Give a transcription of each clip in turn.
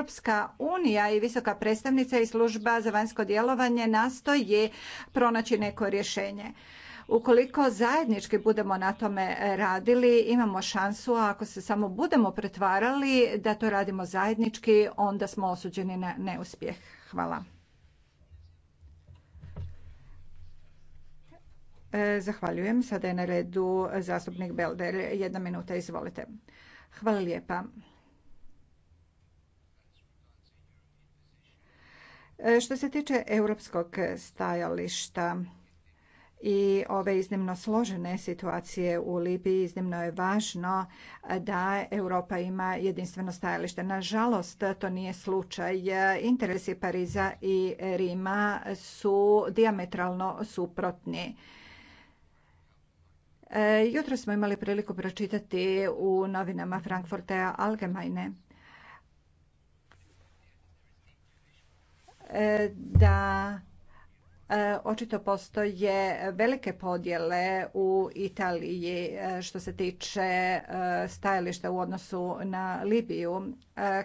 Europska unija i visoka predstavnica i služba za vanjsko djelovanje nastoji pronaći neko rješenje. Ukoliko zajednički budemo na tome radili, imamo šansu, a ako se samo budemo pretvarali da to radimo zajednički, onda smo osuđeni na neuspjeh. Hvala. E, zahvaljujem. Sada je na redu zastupnik Belder. Jedna minuta, izvolite. Hvala lijepa. E, što se tiče europskog stajališta i ove iznimno složene situacije u Libiji, iznimno je važno da Europa ima jedinstveno stajalište. Nažalost, to nije slučaj. Interesi Pariza i Rima su diametralno suprotni. E, jutro smo imali priliku pročitati u novinama Frankfurta Allgemeine E, da e, očito postoje velike podjele u Italiji e, što se tiče stajališta u odnosu na Libiju.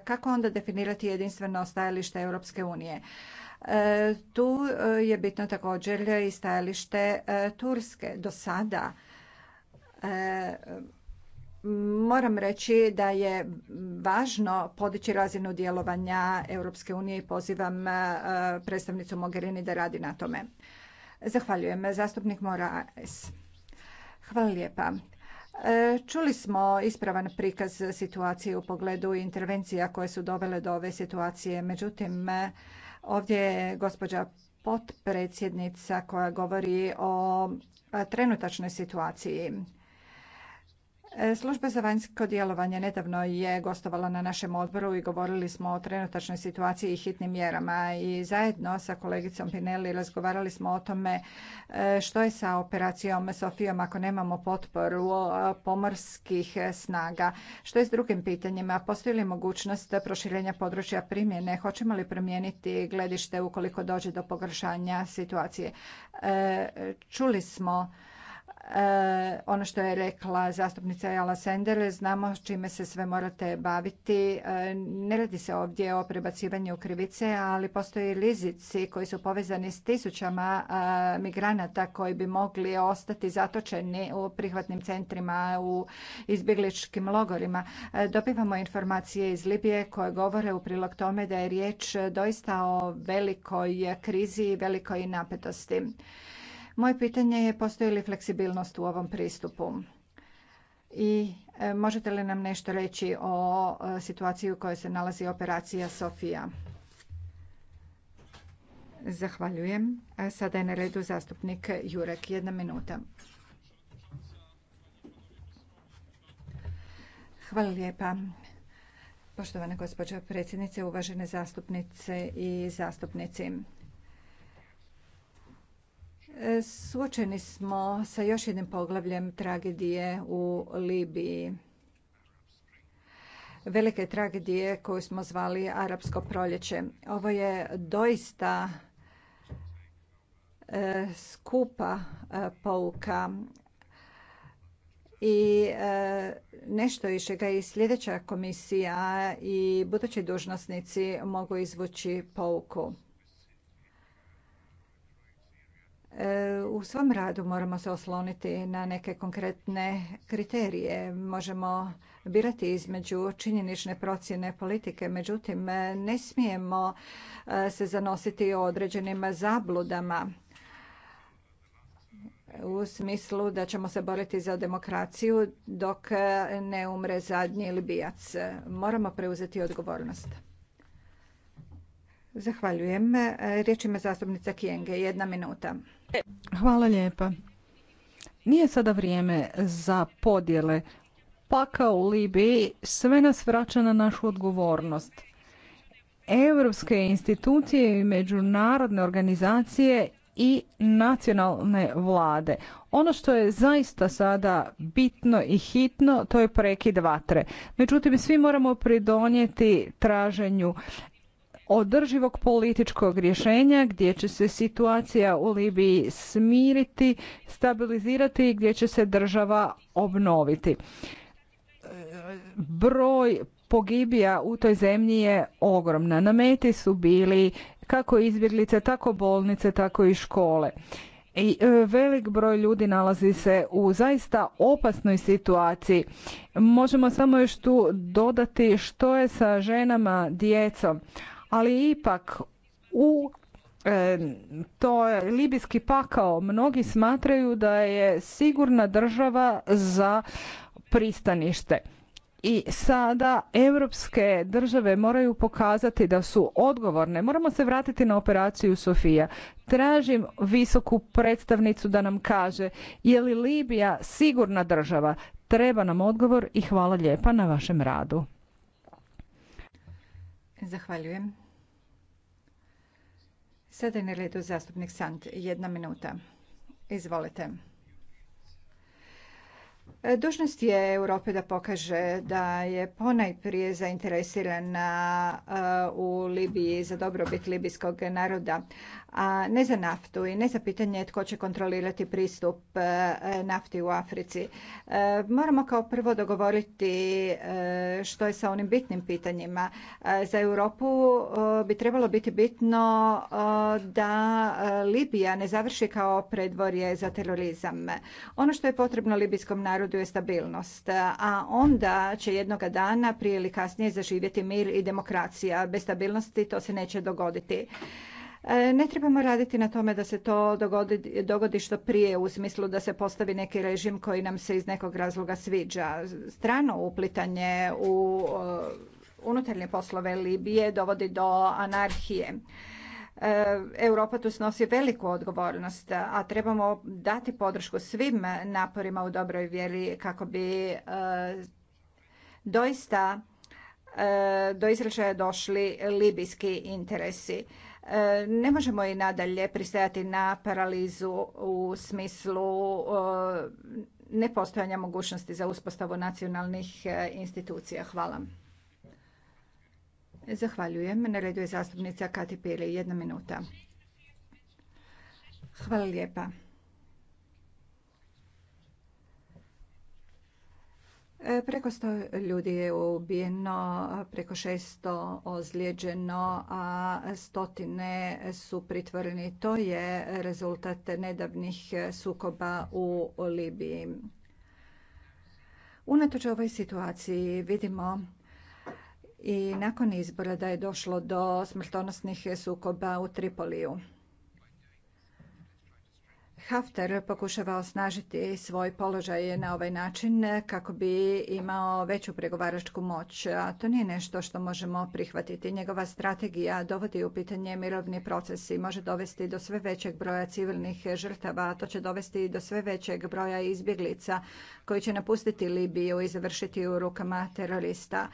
Kako onda definirati jedinstveno stajalište Europske unije? Tu je bitno također i stajalište Turske. Do sada Moram reći da je važno podići razinu djelovanja Europske unije i pozivam e, predstavnicu Mogherini da radi na tome. Zahvaljujem. Zastupnik Moraes. Hvala lijepa. E, čuli smo ispravan prikaz situacije u pogledu intervencija koje su dovele do ove situacije. Međutim, ovdje je gospođa potpredsjednica koja govori o e, trenutačnoj situaciji. E, Služba za vanjsko djelovanje nedavno je gostovala na našem odboru i govorili smo o trenutačnoj situaciji i hitnim mjerama i zajedno sa kolegicom Pinelli razgovarali smo o tome e, što je sa operacijom Sofijom ako nemamo potporu e, pomorskih snaga, što je s drugim pitanjima, postoji li mogućnost proširenja područja primjene, hoćemo li promijeniti gledište ukoliko dođe do pogoršanja situacije. Čuli smo Eh, ono što je rekla zastupnica Jala Sender, znamo čime se sve morate baviti. Eh, ne radi se ovdje o prebacivanju krivice, ali postoje rizici koji su povezani s tisućama eh, migranata koji bi mogli ostati zatočeni u prihvatnim centrima, u izbjegličkim logorima. Dobivamo informacije iz Libije koje govore u prilog tome da je riječ doista o velikoj krizi i velikoj napetosti. Moje pitanje je postoji li fleksibilnost u ovom pristupu? I e, možete li nam nešto reći o e, situaciji u kojoj se nalazi operacija Sofija? Zahvaljujem. Sada je na redu zastupnik Jurek. Jedna minuta. Hvala lijepa. Poštovana gospođo predsjednice, uvažene zastupnice i zastupnici. Suočeni smo sa još jednim poglavljem tragedije u Libiji. Velike tragedije koju smo zvali Arapsko proljeće. Ovo je doista e, skupa e, pouka i e, nešto iz čega i sljedeća komisija i budući dužnosnici mogu izvući pouku. U svom radu moramo se osloniti na neke konkretne kriterije. Možemo birati između činjenične procjene politike, međutim ne smijemo eh, se zanositi o određenim zabludama u smislu da ćemo se boriti za demokraciju dok eh, ne umre zadnji Libijac. Moramo preuzeti odgovornost. Zahvaljujem. E, riječ ima zastupnica Kijenge. Jedna minuta. Hvala lijepa. Nije sada vrijeme za podjele. Paka u Libiji sve nas vraća na našu odgovornost. Europske institucije i međunarodne organizacije i nacionalne vlade. Ono što je zaista sada bitno i hitno, to je prekid vatre. Međutim, svi moramo pridonijeti traženju održivog političkog rješenja gdje će se situacija u Libiji smiriti, stabilizirati i gdje će se država obnoviti. Broj pogibija u toj zemlji je ogromna. Nameti su bili kako izbjeglice, tako bolnice, tako i škole. I e, velik broj ljudi nalazi se u zaista opasnoj situaciji. Možemo samo još tu dodati što je sa ženama, djecom, ali ipak u E, to je libijski pakao. Mnogi smatraju da je sigurna država za pristanište. I sada europske države moraju pokazati da su odgovorne. Moramo se vratiti na operaciju Sofija. Tražim visoku predstavnicu da nam kaže je li Libija sigurna država. Treba nam odgovor i hvala lijepa na vašem radu. Zahvaljujem. Sada je na redu zastupnik Sant. Jedna minuta. Izvolite. Dužnost je Europe da pokaže da je ponajprije zainteresirana uh, u Libiji za dobrobit libijskog naroda, a ne za naftu i ne za pitanje tko će kontrolirati pristup e, nafti u Africi. E, moramo kao prvo dogovoriti e, što je sa onim bitnim pitanjima. Za Europu bi trebalo biti bitno da Libija ne završi kao predvorje za terorizam. Ono što je potrebno libijskom narodu je stabilnost, a onda će jednoga dana prije ili kasnije zaživjeti mir i demokracija. Bez stabilnosti to se neće dogoditi. E, ne trebamo raditi na tome da se to dogodi, dogodi što prije u smislu da se postavi neki režim koji nam se iz nekog razloga sviđa. Strano uplitanje u e, unutarnje poslove Libije dovodi do anarhije. E, Europa tu snosi veliku odgovornost, a trebamo dati podršku svim naporima u dobroj vjeri kako bi doista do izražaja došli libijski interesi. E, ne možemo i nadalje pristajati na paralizu u smislu e, nepostojanja mogućnosti za uspostavu nacionalnih e, institucija. Hvala. Zahvaljujem. Na redu je zastupnica Kati Pili. Jedna minuta. Hvala lijepa. E, preko sto ljudi je ubijeno, preko šesto ozlijeđeno, a stotine su pritvoreni. To je rezultat nedavnih sukoba u Libiji. Unatoč ovoj situaciji vidimo i nakon izbora da je došlo do smrtonosnih sukoba u Tripoliju. Hafter pokušava osnažiti svoj položaj na ovaj način kako bi imao veću pregovaračku moć, a to nije nešto što možemo prihvatiti. Njegova strategija dovodi u pitanje mirovni proces i može dovesti do sve većeg broja civilnih žrtava, a to će dovesti do sve većeg broja izbjeglica koji će napustiti Libiju i završiti u rukama terorista.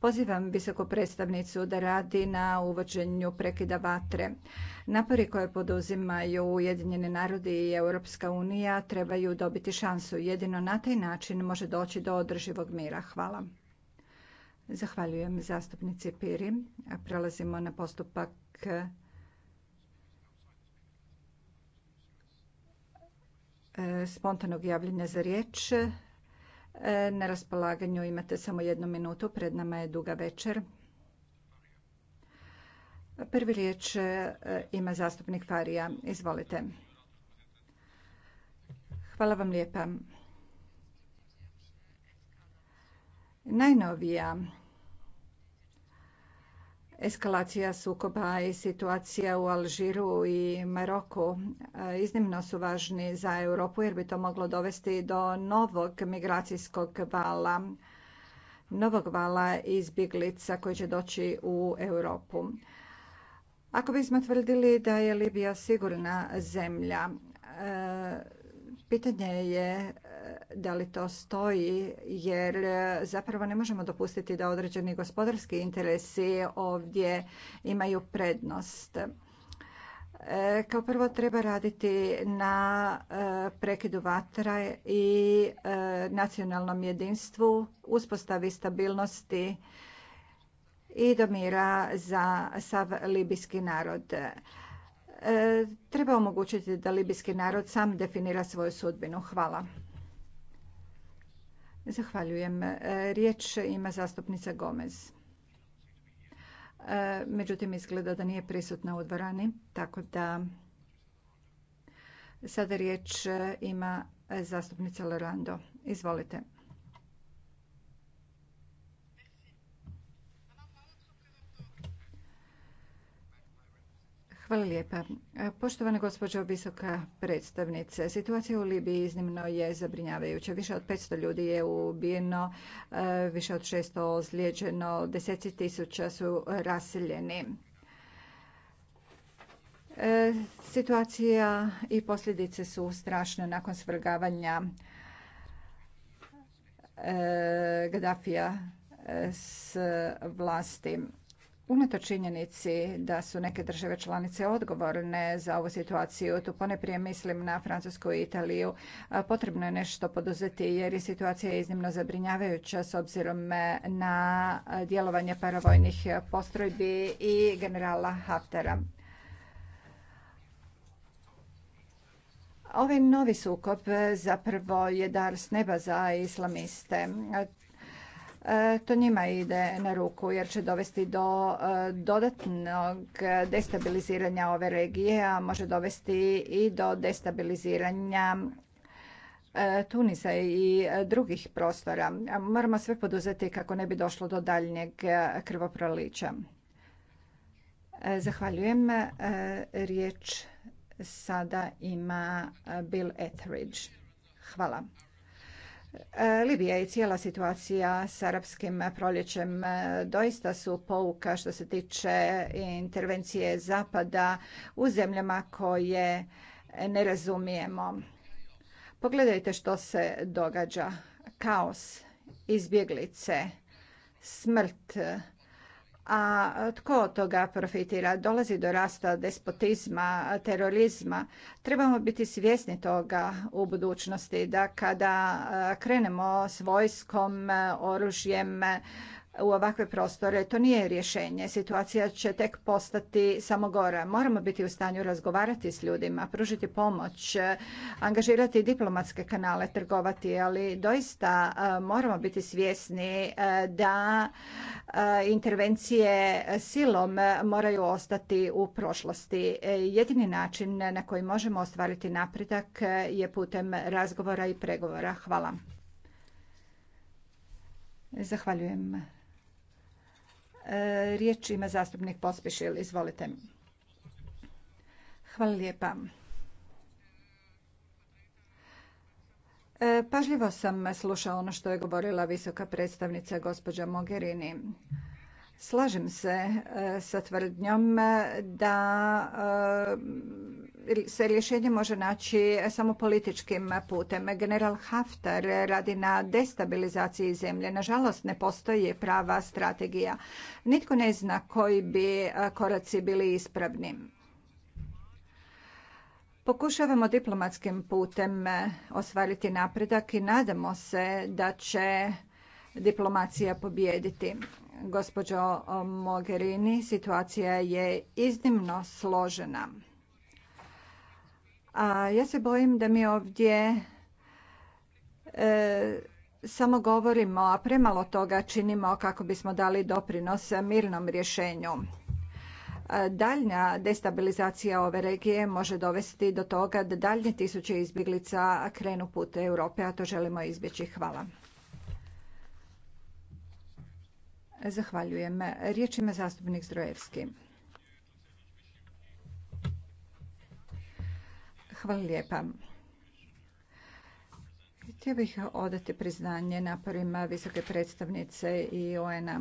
Pozivam visoku predstavnicu da radi na uvođenju prekida vatre. Napori koje poduzimaju Ujedinjeni narodi i Europska unija trebaju dobiti šansu. Jedino na taj način može doći do održivog mira. Hvala. Zahvaljujem zastupnici Piri. Prelazimo na postupak e, spontanog javljanja za riječ. E, na raspolaganju imate samo jednu minutu, pred nama je duga večer. Prvi riječ e, ima zastupnik Farija. Izvolite. Hvala vam lijepa. Najnovija eskalacija sukoba i situacija u Alžiru i Maroku e, iznimno su važni za Europu jer bi to moglo dovesti do novog migracijskog vala, novog vala izbjeglica koji će doći u Europu. Ako bismo tvrdili da je Libija sigurna zemlja, e, pitanje je e, da li to stoji jer e, zapravo ne možemo dopustiti da određeni gospodarski interesi ovdje imaju prednost. Kao prvo treba raditi na prekidu vatra i nacionalnom jedinstvu, uspostavi stabilnosti i do mira za sav libijski narod. E, treba omogućiti da libijski narod sam definira svoju sudbinu. Hvala. Zahvaljujem. E, riječ ima zastupnica Gomez. E, međutim, izgleda da nije prisutna u dvorani, tako da sada riječ ima zastupnica Lerando. Izvolite. Hvala lijepa. Poštovana gospođo visoka predstavnice, situacija u Libiji iznimno je zabrinjavajuća. Više od 500 ljudi je ubijeno, više od 600 ozlijeđeno, deseci tisuća su raseljeni. Situacija i posljedice su strašne nakon svrgavanja e, Gaddafija s vlasti. Unato činjenici da su neke države članice odgovorne za ovu situaciju, tu poneprije mislim na Francusku i Italiju, potrebno je nešto poduzeti jer je situacija iznimno zabrinjavajuća s obzirom na djelovanje paravojnih postrojbi i generala Haftera. Ovaj novi sukob zapravo je dar s neba za islamiste. E, to njima ide na ruku jer će dovesti do e, dodatnog destabiliziranja ove regije, a može dovesti i do destabiliziranja e, Tunisa i drugih prostora. Moramo sve poduzeti kako ne bi došlo do daljnjeg krvoprolića. Zahvaljujem. Riječ sada ima Bill Etheridge. Hvala. E, Libija i cijela situacija s arapskim proljećem e, doista su pouka što se tiče intervencije Zapada u zemljama koje ne razumijemo. Pogledajte što se događa. Kaos, izbjeglice, smrt, a e, tko od toga profitira? Dolazi do rasta despotizma, terorizma. Trebamo biti svjesni toga u budućnosti da kada e, krenemo s vojskom, e, oružjem, u ovakve prostore. To nije rješenje. Situacija će tek postati samo gora. Moramo biti u stanju razgovarati s ljudima, pružiti pomoć, angažirati diplomatske kanale, trgovati, ali doista e, moramo biti svjesni e, da e, intervencije silom moraju ostati u prošlosti. Jedini način na koji možemo ostvariti napredak je putem razgovora i pregovora. Hvala. Zahvaljujem E, riječ ima zastupnik Pospišil. Izvolite. Hvala lijepa. E, pažljivo sam slušao ono što je govorila visoka predstavnica gospođa Mogherini. Slažem se e, sa tvrdnjom da se rješenje može naći samo političkim putem. General Haftar radi na destabilizaciji zemlje. Nažalost, ne postoji prava strategija. Nitko ne zna koji bi koraci bili ispravni. Pokušavamo diplomatskim putem ostvariti napredak i nadamo se da će diplomacija pobijediti. Gospođo Mogherini, situacija je iznimno složena. A ja se bojim da mi ovdje e, samo govorimo, a premalo toga činimo kako bismo dali doprinos mirnom rješenju. E, daljnja destabilizacija ove regije može dovesti do toga da dalje tisuće izbjeglica krenu put Europe, a to želimo izbjeći. Hvala. Zahvaljujem. Riječ ima zastupnik Zdrojevski. Hvala lijepa. Htio bih odati priznanje naporima visoke predstavnice i ONA. a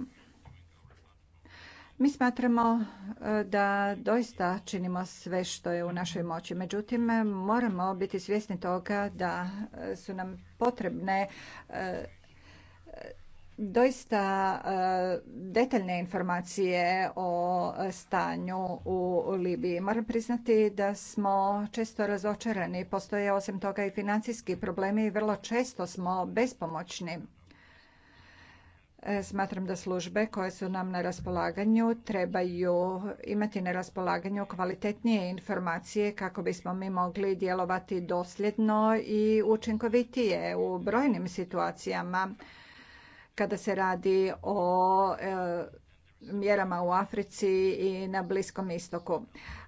Mi smatramo e, da doista činimo sve što je u našoj moći. Međutim, moramo biti svjesni toga da su nam potrebne e, doista e, detaljne informacije o stanju u Libiji. Moram priznati da smo često razočarani. Postoje osim toga i financijski problemi i vrlo često smo bespomoćni. E, smatram da službe koje su nam na raspolaganju trebaju imati na raspolaganju kvalitetnije informacije kako bismo mi mogli djelovati dosljedno i učinkovitije u brojnim situacijama kada se radi o e, mjerama u Africi i na Bliskom istoku.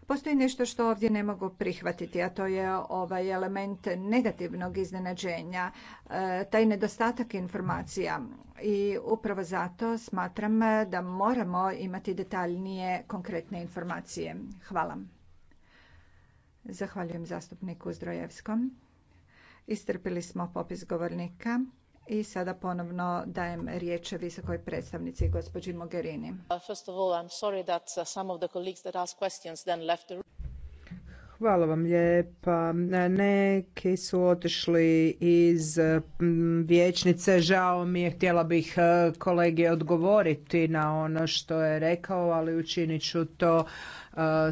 Postoji nešto što ovdje ne mogu prihvatiti, a to je ovaj element negativnog iznenađenja, e, taj nedostatak informacija. I upravo zato smatram da moramo imati detaljnije konkretne informacije. Hvala. Zahvaljujem zastupniku Zdrojevskom. Istrpili smo popis govornika. I sada ponovno dajem riječ visokoj predstavnici gospođi Mogherini. Hvala vam lijepa. Neki su otišli iz vijećnice. Žao mi je, htjela bih uh, kolegi odgovoriti na ono što je rekao, ali učinit ću to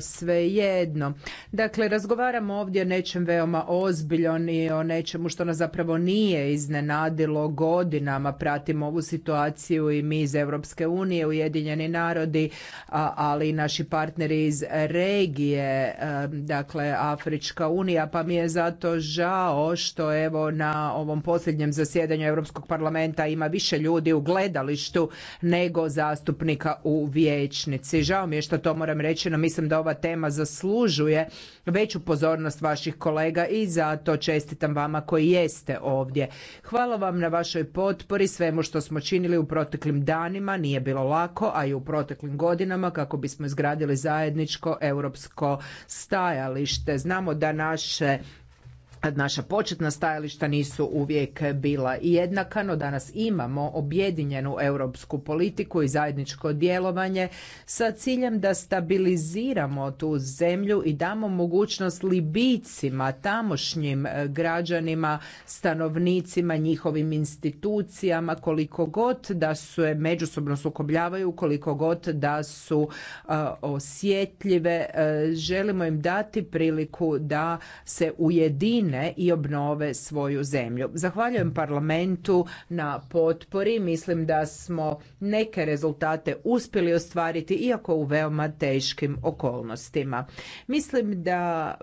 svejedno. Dakle, razgovaramo ovdje o nečem veoma ozbiljom i o nečemu što nas zapravo nije iznenadilo godinama. Pratimo ovu situaciju i mi iz Europske unije, Ujedinjeni narodi, ali i naši partneri iz regije, e, dakle Afrička unija, pa mi je zato žao što evo na ovom posljednjem zasjedanju Europskog parlamenta ima više ljudi u gledalištu nego zastupnika u vijećnici. Žao mi je što to moram reći, no mi Mislim da ova tema zaslužuje veću pozornost vaših kolega i zato čestitam vama koji jeste ovdje. Hvala vam na vašoj potpori, svemu što smo činili u proteklim danima, nije bilo lako, a i u proteklim godinama kako bismo izgradili zajedničko europsko stajalište. Znamo da naše naša početna stajališta nisu uvijek bila jednaka, no danas imamo objedinjenu europsku politiku i zajedničko djelovanje sa ciljem da stabiliziramo tu zemlju i damo mogućnost libicima, tamošnjim eh, građanima, stanovnicima, njihovim institucijama, koliko god da se eh, međusobno sukobljavaju, koliko god da su eh, osjetljive, želimo im dati priliku da se ujedine i obnove svoju zemlju. Zahvaljujem parlamentu na potpori. Mislim da smo neke rezultate uspjeli ostvariti iako u veoma teškim okolnostima. Mislim da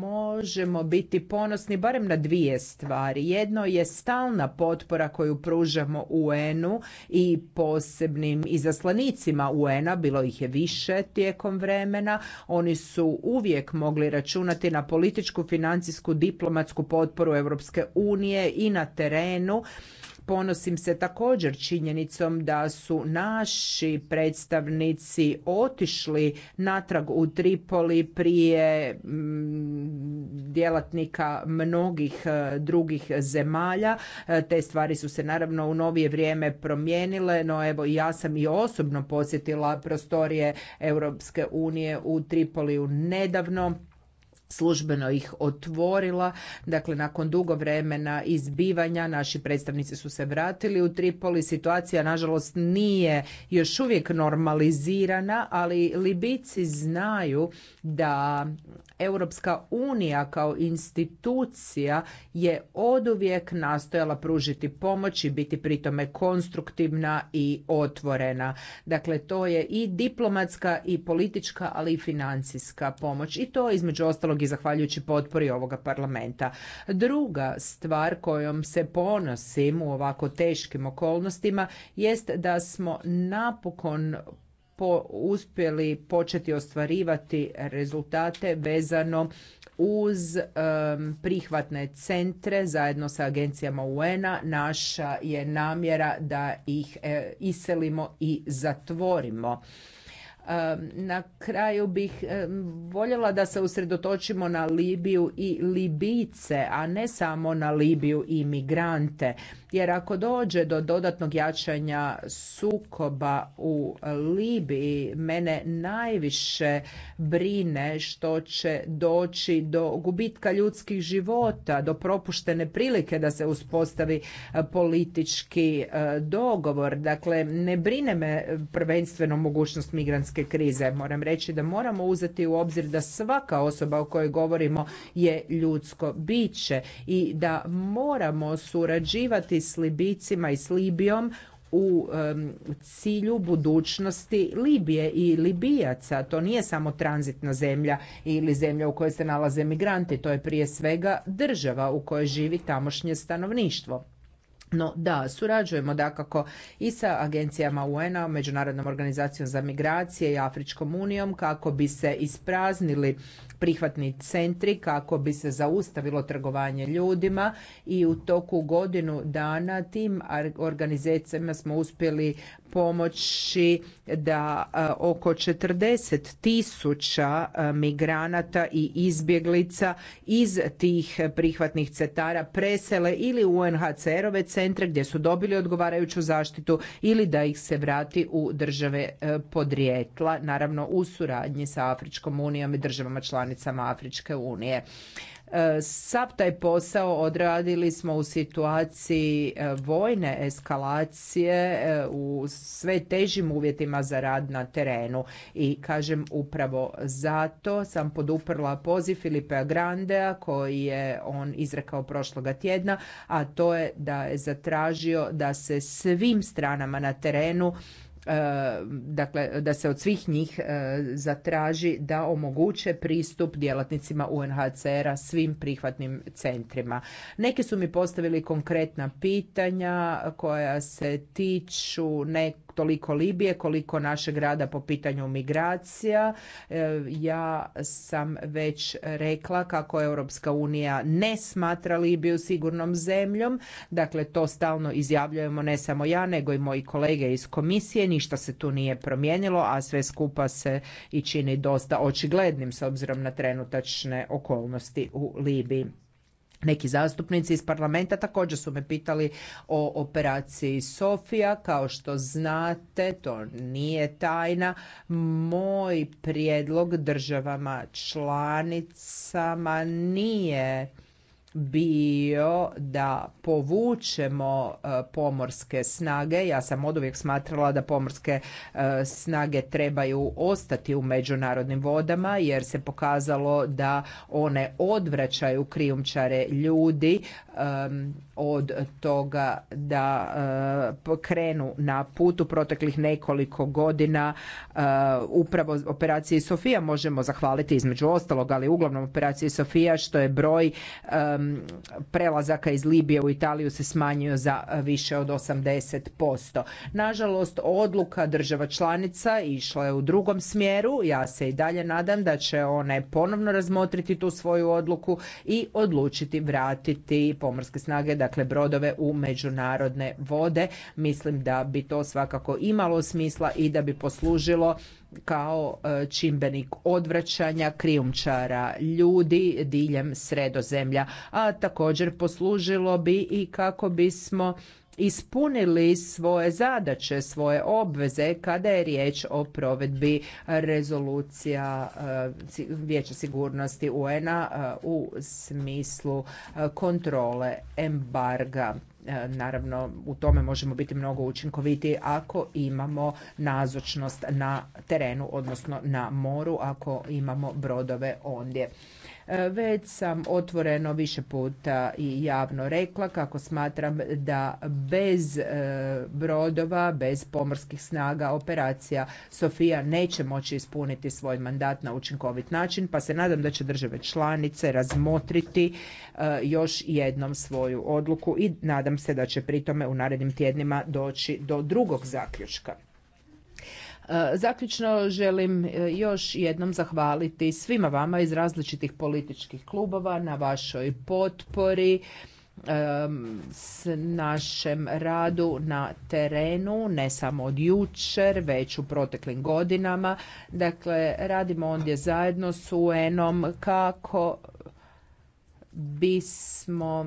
možemo biti ponosni barem na dvije stvari. Jedno je stalna potpora koju pružamo UN-u i posebnim izaslanicima UN-a, bilo ih je više tijekom vremena. Oni su uvijek mogli računati na političku, financijsku diplomatsku potporu Europske unije i na terenu. Ponosim se također činjenicom da su naši predstavnici otišli natrag u Tripoli prije mm, djelatnika mnogih e, drugih zemalja. E, te stvari su se naravno u novije vrijeme promijenile, no evo ja sam i osobno posjetila prostorije Europske unije u Tripoliju nedavno službeno ih otvorila. Dakle, nakon dugo vremena izbivanja naši predstavnici su se vratili u Tripoli. Situacija, nažalost, nije još uvijek normalizirana, ali Libici znaju da Europska unija kao institucija je oduvijek nastojala pružiti pomoć i biti pritome konstruktivna i otvorena. Dakle, to je i diplomatska i politička, ali i financijska pomoć i to između ostalog i zahvaljujući potpori ovoga parlamenta. Druga stvar kojom se ponosim u ovako teškim okolnostima jest da smo napokon po, uspjeli početi ostvarivati rezultate vezano uz prihvatne centre zajedno sa agencijama UN-a. Naša je namjera da ih e, iselimo i zatvorimo. Na kraju bih voljela da se usredotočimo na Libiju i Libice, a ne samo na Libiju i migrante. Jer ako dođe do dodatnog jačanja sukoba u Libiji, mene najviše brine što će doći do gubitka ljudskih života, do propuštene prilike da se uspostavi e, politički e, dogovor. Dakle, ne brine me prvenstveno mogućnost migrantske krize. Moram reći da moramo uzeti u obzir da svaka osoba o kojoj govorimo je ljudsko biće i da moramo surađivati s Libicima i s Libijom u cilju budućnosti Libije i Libijaca. To nije samo tranzitna zemlja ili zemlja u kojoj se nalaze migranti, to je prije svega država u kojoj živi tamošnje stanovništvo. No da, surađujemo dakako i sa agencijama UN-a, Međunarodnom organizacijom za migracije i Afričkom unijom kako bi se ispraznili prihvatni centri kako bi se zaustavilo trgovanje ljudima i u toku godinu dana tim organizacijama smo uspjeli pomoći da e, oko 40 tisuća e, migranata i izbjeglica iz tih prihvatnih centara presele ili u UNHCR-ove centre gdje su dobili odgovarajuću zaštitu ili da ih se vrati u države e, podrijetla, naravno u suradnji sa Afričkom unijom i državama članicama Afričke unije. E, sav taj posao odradili smo u situaciji e, vojne eskalacije e, u sve težim uvjetima za rad na terenu i kažem upravo zato sam poduprla poziv Filipe Grandea koji je on izrekao prošloga tjedna, a to je da je zatražio da se svim stranama na terenu Eh, dakle da se od svih njih eh, zatraži da omoguće pristup djelatnicima UNHCR-a svim prihvatnim centrima. Neki su mi postavili konkretna pitanja koja se tiču nekog toliko Libije koliko našeg rada po pitanju migracija. E, ja sam već rekla kako Europska unija ne smatra Libiju sigurnom zemljom. Dakle, to stalno izjavljujemo ne samo ja, nego i moji kolege iz komisije. Ništa se tu nije promijenilo, a sve skupa se i čini dosta očiglednim s obzirom na trenutačne okolnosti u Libiji neki zastupnici iz parlamenta također su me pitali o operaciji Sofija. Kao što znate, to nije tajna. Moj prijedlog državama članicama nije bio da povučemo e, pomorske snage. Ja sam oduvijek smatrala da pomorske e, snage trebaju ostati u međunarodnim vodama jer se pokazalo da one odvraćaju krijumčare ljudi od toga da e, krenu na putu u proteklih nekoliko godina upravo operaciji Sofija možemo zahvaliti između ostalog, ali uglavnom operaciji Sofija što je broj Um, prelazaka iz Libije u Italiju se smanjio za više od 80%. Nažalost, odluka država članica išla je u drugom smjeru. Ja se i dalje nadam da će one ponovno razmotriti tu svoju odluku i odlučiti vratiti pomorske snage, dakle brodove u međunarodne vode. Mislim da bi to svakako imalo smisla i da bi poslužilo kao e, čimbenik odvraćanja krijumčara ljudi diljem sredozemlja, a također poslužilo bi i kako bismo ispunili svoje zadaće, svoje obveze kada je riječ o provedbi rezolucija e, Vijeća sigurnosti UN-a e, u smislu kontrole embarga. E, naravno, u tome možemo biti mnogo učinkoviti ako imamo nazočnost na terenu, odnosno na moru, ako imamo brodove ondje. E, već sam otvoreno više puta i javno rekla kako smatram da bez e, brodova, bez pomorskih snaga operacija Sofija neće moći ispuniti svoj mandat na učinkovit način, pa se nadam da će države članice razmotriti e, još jednom svoju odluku i nadam se da će pri tome u narednim tjednima doći do drugog zaključka. E, zaključno želim e, još jednom zahvaliti svima vama iz različitih političkih klubova na vašoj potpori e, s našem radu na terenu, ne samo od jučer, već u proteklim godinama. Dakle, radimo ondje zajedno s UN-om kako bismo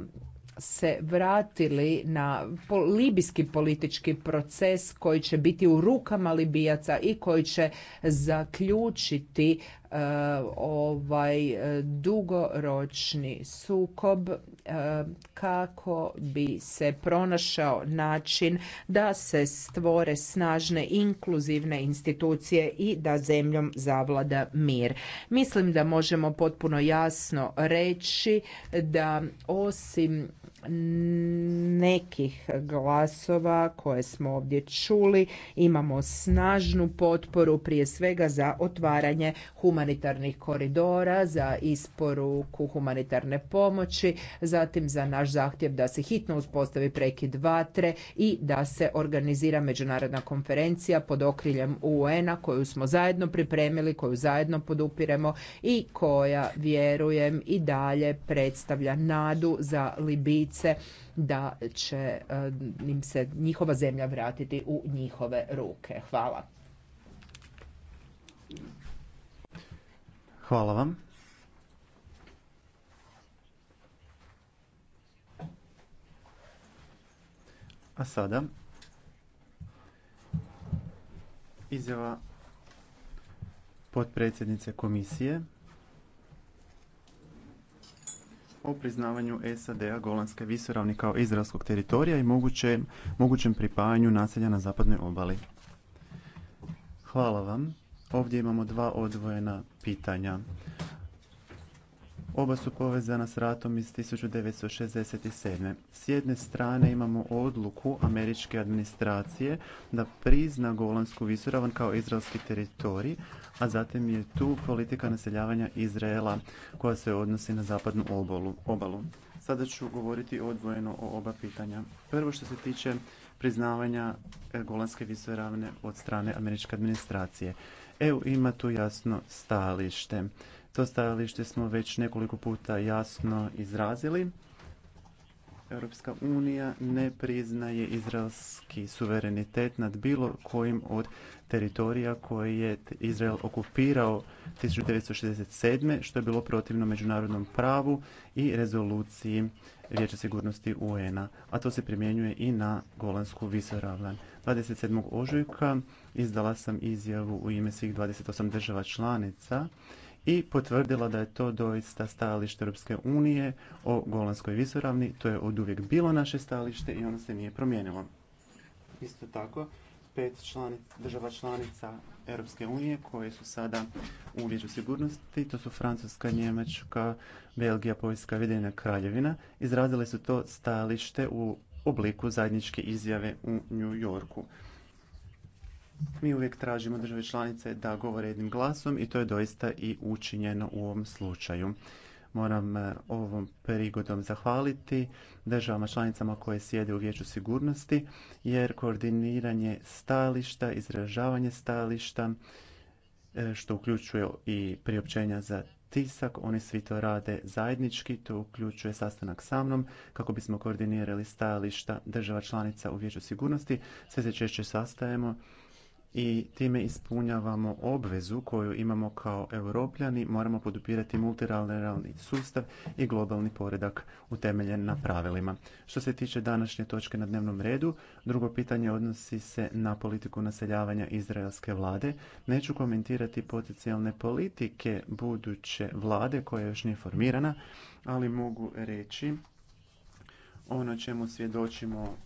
se vratili na libijski politički proces koji će biti u rukama Libijaca i koji će zaključiti E, ovaj e, dugoročni sukob e, kako bi se pronašao način da se stvore snažne inkluzivne institucije i da zemljom zavlada mir. Mislim da možemo potpuno jasno reći da osim nekih glasova koje smo ovdje čuli imamo snažnu potporu prije svega za otvaranje humanitarnih koridora za isporuku humanitarne pomoći zatim za naš zahtjev da se hitno uspostavi prekid vatre i da se organizira međunarodna konferencija pod okriljem UN-a koju smo zajedno pripremili koju zajedno podupiremo i koja vjerujem i dalje predstavlja nadu za Libiju da će eh, im se njihova zemlja vratiti u njihove ruke. Hvala. Hvala vam. A sada izjava potpredsjednice komisije o priznavanju SAD-a Golanske visoravni kao izraelskog teritorija i mogućem, mogućem pripajanju naselja na zapadnoj obali. Hvala vam. Ovdje imamo dva odvojena pitanja. Oba su povezana s ratom iz 1967. S jedne strane imamo odluku američke administracije da prizna Golansku visoravan kao izraelski teritorij, a zatim je tu politika naseljavanja Izraela koja se odnosi na zapadnu obalu. Sada ću govoriti odvojeno o oba pitanja. Prvo što se tiče priznavanja e, Golanske visoravne od strane američke administracije. EU ima tu jasno stajalište. To stajalište smo već nekoliko puta jasno izrazili. Europska unija ne priznaje izraelski suverenitet nad bilo kojim od teritorija koje je Izrael okupirao 1967. što je bilo protivno međunarodnom pravu i rezoluciji Vijeća sigurnosti UN-a, a to se primjenjuje i na Golansku visoravlan. 27. ožujka izdala sam izjavu u ime svih 28 država članica i potvrdila da je to doista stajalište Europske unije o Golanskoj visoravni. To je oduvijek bilo naše stajalište i ono se nije promijenilo. Isto tako, pet država članica Europske unije koje su sada u vijeću sigurnosti, to su Francuska, Njemačka, Belgija, Poljska, Vedena, Kraljevina, izrazile su to stajalište u obliku zajedničke izjave u New Yorku. Mi uvijek tražimo države članice da govore jednim glasom i to je doista i učinjeno u ovom slučaju. Moram eh, ovom prigodom zahvaliti državama članicama koje sjede u Vijeću sigurnosti jer koordiniranje stajališta, izražavanje stajališta eh, što uključuje i priopćenja za tisak, oni svi to rade zajednički, to uključuje sastanak sa mnom kako bismo koordinirali stajališta država članica u Vijeću sigurnosti. Sve se češće sastajemo i time ispunjavamo obvezu koju imamo kao europljani moramo podupirati multilateralni sustav i globalni poredak utemeljen na pravilima što se tiče današnje točke na dnevnom redu drugo pitanje odnosi se na politiku naseljavanja izraelske vlade neću komentirati potencijalne politike buduće vlade koja još nije formirana ali mogu reći ono čemu svjedočimo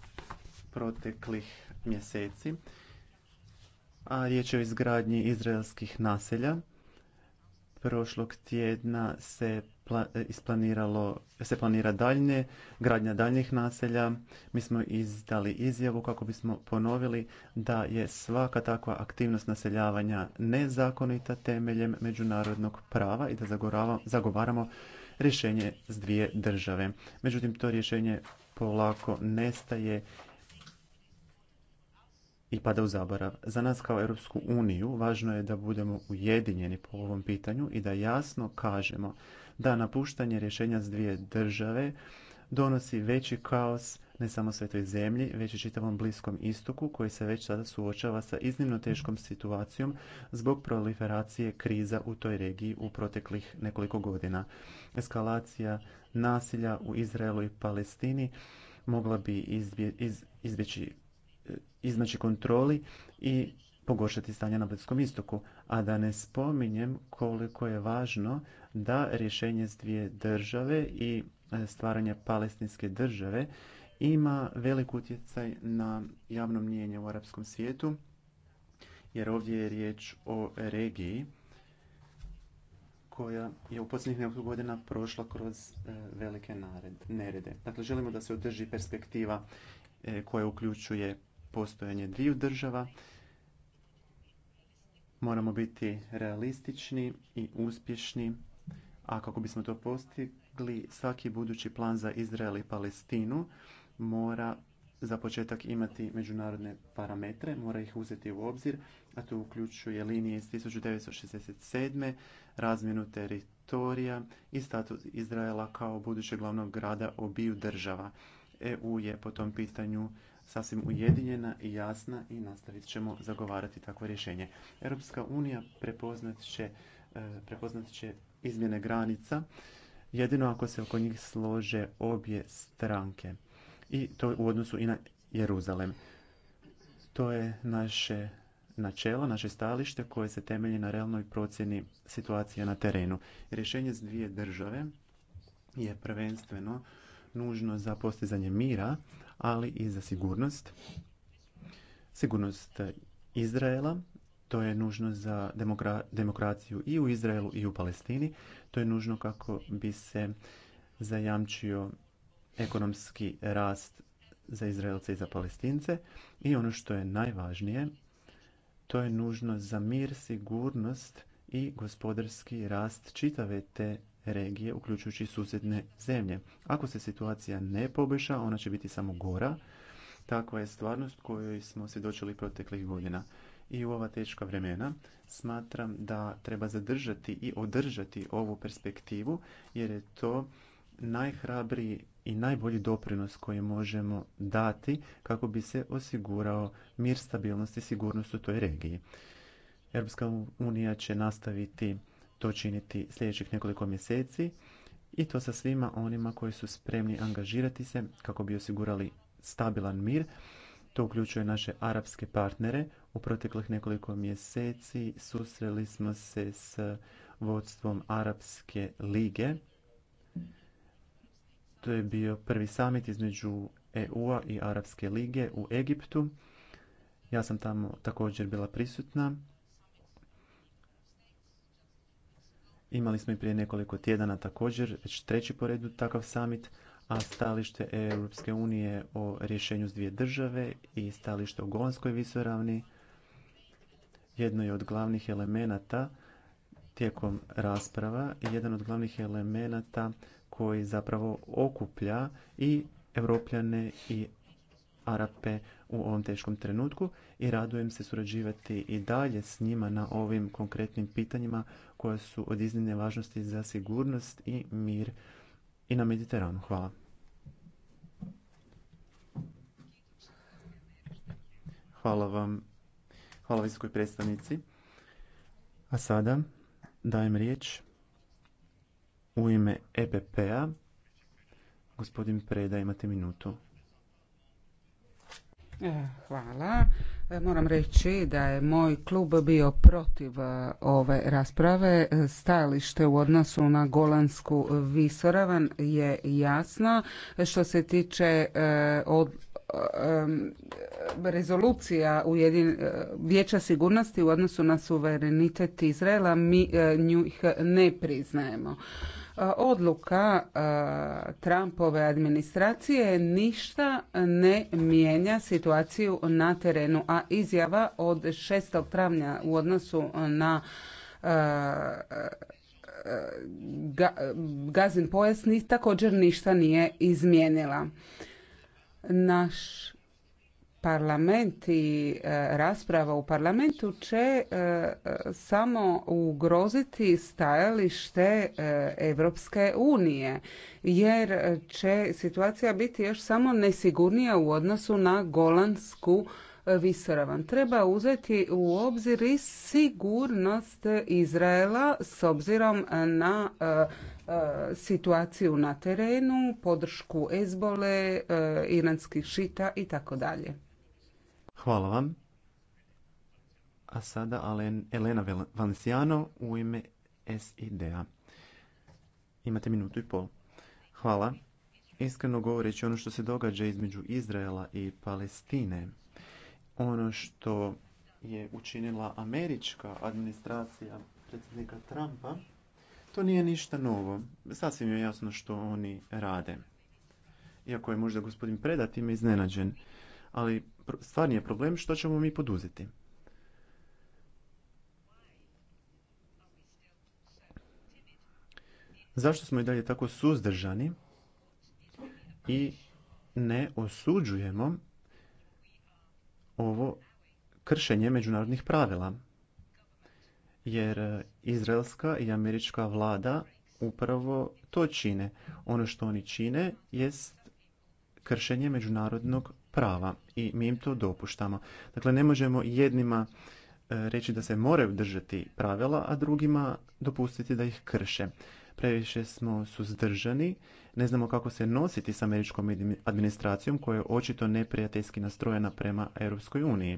proteklih mjeseci a riječ je o izgradnji izraelskih naselja. Prošlog tjedna se isplaniralo, se planira daljnje, gradnja daljnjih naselja. Mi smo izdali izjavu kako bismo ponovili da je svaka takva aktivnost naseljavanja nezakonita temeljem međunarodnog prava i da zagovaramo rješenje s dvije države. Međutim, to rješenje polako nestaje i pada u zaborav. Za nas kao Europsku uniju važno je da budemo ujedinjeni po ovom pitanju i da jasno kažemo da napuštanje rješenja s dvije države donosi veći kaos ne samo svetoj zemlji, već i čitavom bliskom istoku koji se već sada suočava sa iznimno teškom situacijom zbog proliferacije kriza u toj regiji u proteklih nekoliko godina. Eskalacija nasilja u Izraelu i Palestini mogla bi izbjeći iznaći kontroli i pogoršati stanje na Bliskom istoku. A da ne spominjem koliko je važno da rješenje s dvije države i e, stvaranje palestinske države ima velik utjecaj na javno mnijenje u arapskom svijetu, jer ovdje je riječ o regiji koja je u posljednjih nekoliko godina prošla kroz e, velike nerede. Dakle, želimo da se održi perspektiva e, koja uključuje postojanje dviju država. Moramo biti realistični i uspješni, a kako bismo to postigli, svaki budući plan za Izrael i Palestinu mora za početak imati međunarodne parametre, mora ih uzeti u obzir, a to uključuje linije iz 1967. razmjenu teritorija i status Izraela kao budućeg glavnog grada obiju država. EU je po tom pitanju sasvim ujedinjena i jasna i nastavit ćemo zagovarati takvo rješenje. Europska unija prepoznat će, e, prepoznat će izmjene granica jedino ako se oko njih slože obje stranke i to u odnosu i na Jeruzalem. To je naše načelo, naše stajalište koje se temelji na realnoj procjeni situacije na terenu. Rješenje s dvije države je prvenstveno nužno za postizanje mira, ali i za sigurnost. Sigurnost Izraela, to je nužno za demokraciju i u Izraelu i u Palestini. To je nužno kako bi se zajamčio ekonomski rast za Izraelce i za Palestince. I ono što je najvažnije, to je nužno za mir, sigurnost i gospodarski rast čitave te regije, uključujući susjedne zemlje. Ako se situacija ne poboljša, ona će biti samo gora. Takva je stvarnost kojoj smo svjedočili proteklih godina. I u ova teška vremena smatram da treba zadržati i održati ovu perspektivu jer je to najhrabriji i najbolji doprinos koji možemo dati kako bi se osigurao mir, stabilnost i sigurnost u toj regiji. Europska unija će nastaviti to činiti sljedećih nekoliko mjeseci i to sa svima onima koji su spremni angažirati se kako bi osigurali stabilan mir. To uključuje naše arapske partnere. U proteklih nekoliko mjeseci susreli smo se s vodstvom Arapske lige. To je bio prvi samit između EU-a i Arapske lige u Egiptu. Ja sam tamo također bila prisutna Imali smo i prije nekoliko tjedana također već treći po redu takav summit, a stalište Europske unije o rješenju s dvije države i stalište o Golanskoj visoravni jedno je od glavnih elemenata tijekom rasprava i jedan od glavnih elemenata koji zapravo okuplja i europljane i Arape u ovom teškom trenutku i radujem se surađivati i dalje s njima na ovim konkretnim pitanjima koja su od iznimne važnosti za sigurnost i mir i na Mediteranu. Hvala. Hvala vam. Hvala viskoj predstavnici. A sada dajem riječ u ime EPP-a. Gospodin Preda, imate minutu. E, hvala. E, moram reći da je moj klub bio protiv e, ove rasprave. Stajalište u odnosu na Golansku visoravan je jasno. Što se tiče od rezolucija Vijeća sigurnosti u odnosu na suverenitet Izraela mi njih ne priznajemo odluka e, Trumpove administracije ništa ne mijenja situaciju na terenu, a izjava od 6. travnja u odnosu na e, e, gazin pojas također ništa nije izmijenila. Naš parlament i e, rasprava u parlamentu će e, samo ugroziti stajalište Europske unije jer će situacija biti još samo nesigurnija u odnosu na Golansku e, visoravan. Treba uzeti u obzir i sigurnost Izraela s obzirom na situaciju na terenu, podršku Ezbole, iranskih šita i tako dalje. Hvala vam. A sada Elena Valenciano u ime SID-a. Imate minutu i pol. Hvala. Iskreno govoreći ono što se događa između Izraela i Palestine, ono što je učinila američka administracija predsjednika Trumpa, to nije ništa novo. Sasvim je jasno što oni rade. Iako je možda gospodin Predat ime iznenađen ali stvarni je problem što ćemo mi poduzeti. Zašto smo i dalje tako suzdržani i ne osuđujemo ovo kršenje međunarodnih pravila? Jer izraelska i američka vlada upravo to čine. Ono što oni čine jest kršenje međunarodnog prava i mi im to dopuštamo. Dakle, ne možemo jednima e, reći da se moraju držati pravila, a drugima dopustiti da ih krše. Previše smo suzdržani, ne znamo kako se nositi s američkom administracijom koja je očito neprijateljski nastrojena prema Europskoj uniji.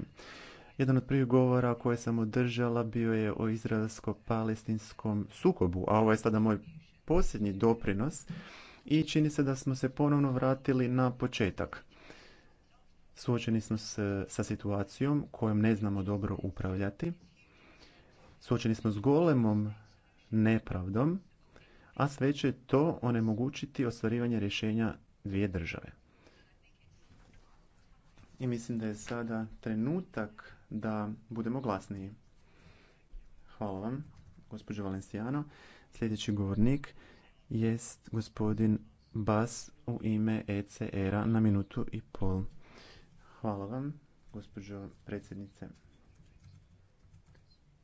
Jedan od prvih govora koje sam održala bio je o izraelsko-palestinskom sukobu, a ovo je sada moj posljednji doprinos i čini se da smo se ponovno vratili na početak. Suočeni smo s, sa situacijom kojom ne znamo dobro upravljati. Suočeni smo s golemom nepravdom, a sve će to onemogućiti ostvarivanje rješenja dvije države. I mislim da je sada trenutak da budemo glasniji. Hvala vam, gospođo Valencijano. Sljedeći govornik jest gospodin Bas u ime ECR-a na minutu i pol. Hvala vam, gospođo predsjednice.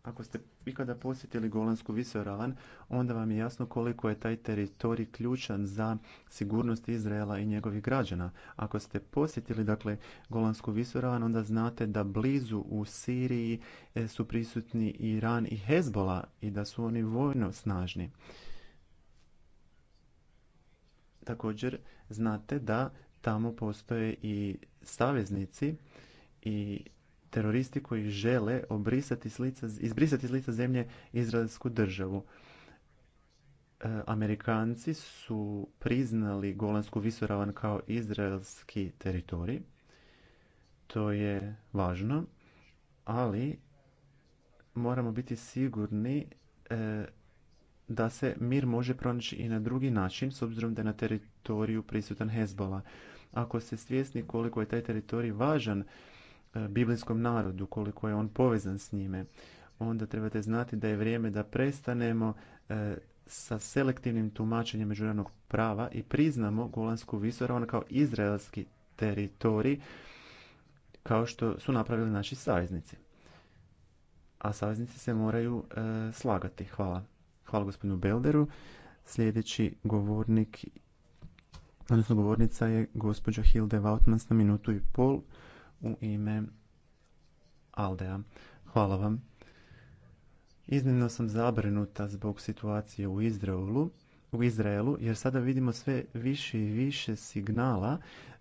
Ako ste ikada posjetili Golansku visoravan, onda vam je jasno koliko je taj teritorij ključan za sigurnost Izraela i njegovih građana. Ako ste posjetili dakle, Golansku visoravan, onda znate da blizu u Siriji e, su prisutni Iran i Hezbola i da su oni vojno snažni. Također znate da tamo postoje i saveznici i teroristi koji žele obrisati izbrisati s lica zemlje izraelsku državu. E, Amerikanci su priznali Golansku visoravan kao izraelski teritorij. To je važno, ali moramo biti sigurni e, da se mir može pronaći i na drugi način s obzirom da je na teritoriju prisutan Hezbola. Ako ste svjesni koliko je taj teritorij važan e, biblijskom narodu, koliko je on povezan s njime, onda trebate znati da je vrijeme da prestanemo e, sa selektivnim tumačenjem međunarodnog prava i priznamo Golansku visoravan kao izraelski teritorij kao što su napravili naši saveznici. A saveznici se moraju e, slagati. Hvala. Hvala gospodinu Belderu. Sljedeći govornik, odnosno govornica je gospođa Hilde Vautmans na minutu i pol u ime Aldea. Hvala vam. Iznimno sam zabrinuta zbog situacije u Izraelu, u Izraelu jer sada vidimo sve više i više signala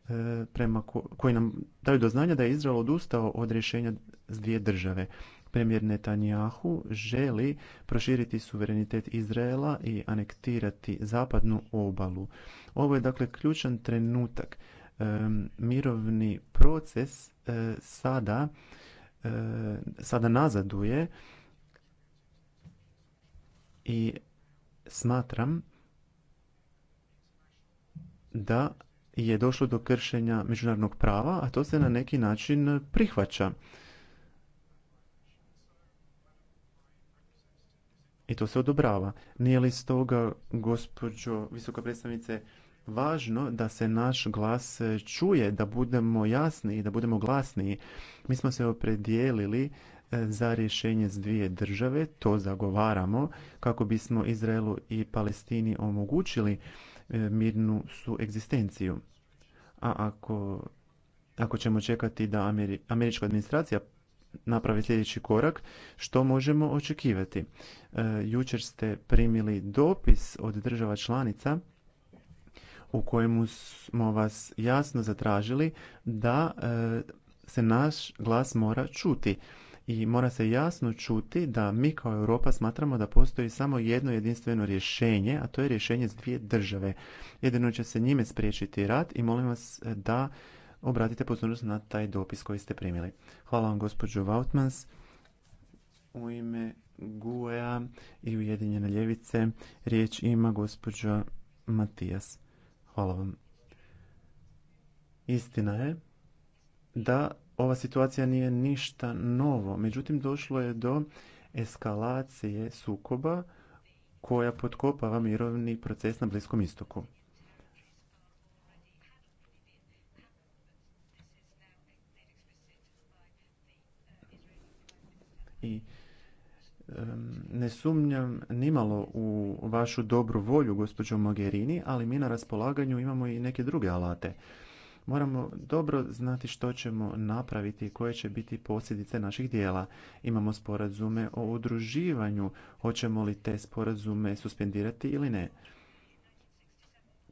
e, prema koji nam daju do znanja da je Izrael odustao od rješenja s dvije države. Premijer Netanjahu želi proširiti suverenitet Izraela i anektirati zapadnu obalu. Ovo je dakle ključan trenutak. mirovni proces e, sada, e, sada nazaduje i smatram da je došlo do kršenja međunarodnog prava, a to se na neki način prihvaća. i to se odobrava. Nije li stoga, gospođo visoka predstavnice, važno da se naš glas e, čuje, da budemo jasni, i da budemo glasniji. Mi smo se opredijelili e, za rješenje s dvije države, to zagovaramo kako bismo Izraelu i Palestini omogućili e, mirnu su egzistenciju. A ako, ako ćemo čekati da američka administracija napraviti sljedeći korak, što možemo očekivati. E, jučer ste primili dopis od država članica u kojemu smo vas jasno zatražili da e, se naš glas mora čuti i mora se jasno čuti da mi kao Europa smatramo da postoji samo jedno jedinstveno rješenje, a to je rješenje s dvije države. Jedino će se njime spriječiti rat i molim vas da obratite pozornost na taj dopis koji ste primili. Hvala vam gospođo Vautmans. U ime gue i Ujedinjene ljevice riječ ima gospođa Matijas. Hvala vam. Istina je da ova situacija nije ništa novo. Međutim, došlo je do eskalacije sukoba koja potkopava mirovni proces na Bliskom istoku. i ne sumnjam nimalo u vašu dobru volju, gospođo Mogherini, ali mi na raspolaganju imamo i neke druge alate. Moramo dobro znati što ćemo napraviti i koje će biti posljedice naših dijela. Imamo sporazume o udruživanju, hoćemo li te sporazume suspendirati ili ne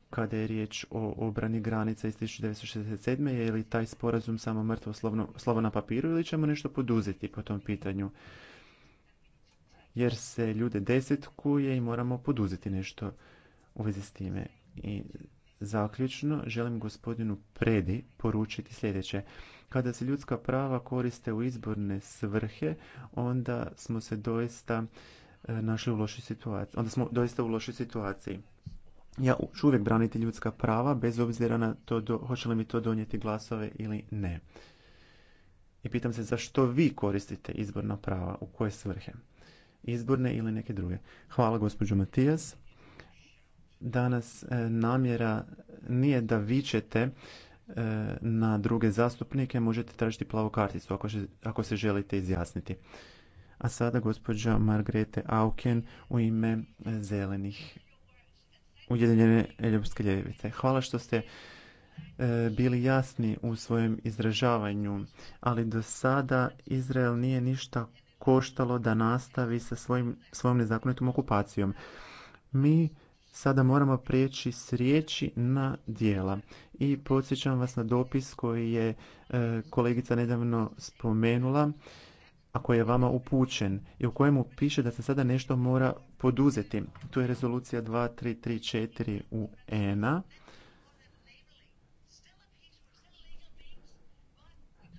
kada je riječ o obrani granica iz 1967. je li taj sporazum samo mrtvo slovo na papiru ili ćemo nešto poduzeti po tom pitanju? Jer se ljude desetkuje i moramo poduzeti nešto u vezi s time. I zaključno želim gospodinu Predi poručiti sljedeće. Kada se ljudska prava koriste u izborne svrhe, onda smo se doista eh, našli u lošoj situaciji. Onda smo doista u lošoj situaciji ja ću uvijek braniti ljudska prava bez obzira na to do, hoće li mi to donijeti glasove ili ne. I pitam se zašto vi koristite izborna prava, u koje svrhe? Izborne ili neke druge? Hvala gospođo Matijas. Danas e, namjera nije da vičete e, na druge zastupnike možete tražiti plavu karticu ako, ako se želite izjasniti. A sada gospođa Margrete Auken u ime e, zelenih Ujedinjene Europske ljevice. Hvala što ste e, bili jasni u svojem izražavanju, ali do sada Izrael nije ništa koštalo da nastavi sa svojim, svojom nezakonitom okupacijom. Mi sada moramo prijeći s riječi na dijela. I podsjećam vas na dopis koji je e, kolegica nedavno spomenula, a koji je vama upućen i u kojemu piše da se sada nešto mora poduzeti. Tu je rezolucija 2334 un ENA.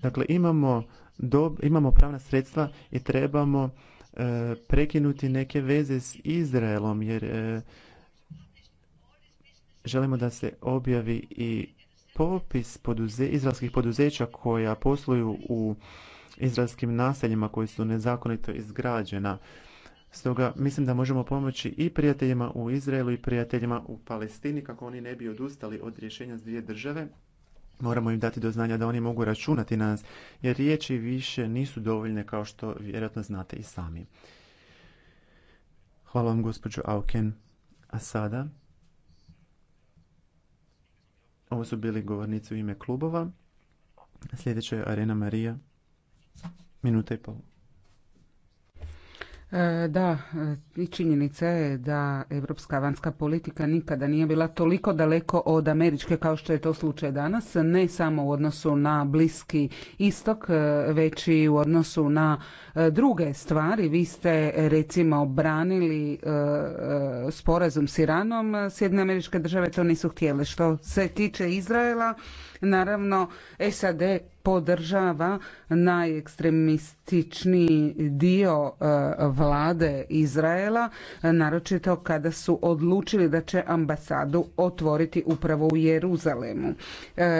Dakle, imamo, dob, imamo pravna sredstva i trebamo e, prekinuti neke veze s Izraelom jer e, želimo da se objavi i popis poduze, izraelskih poduzeća koja posluju u izraelskim naseljima koji su nezakonito izgrađena. Stoga mislim da možemo pomoći i prijateljima u Izraelu i prijateljima u Palestini kako oni ne bi odustali od rješenja s dvije države. Moramo im dati do znanja da oni mogu računati na nas, jer riječi više nisu dovoljne kao što vjerojatno znate i sami. Hvala vam gospođo Auken. A sada? Ovo su bili govornici u ime klubova. Sljedeća je Arena Marija. Minuta i pol. E, da, činjenica je da evropska vanjska politika nikada nije bila toliko daleko od američke kao što je to slučaj danas, ne samo u odnosu na bliski istok, e, već i u odnosu na e, druge stvari. Vi ste recimo branili sporazum s Iranom, Sjedine američke države to nisu htjele. Što se tiče Izraela, Naravno, SAD podržava najekstremističniji dio e, vlade Izraela, naročito kada su odlučili da će ambasadu otvoriti upravo u Jeruzalemu e,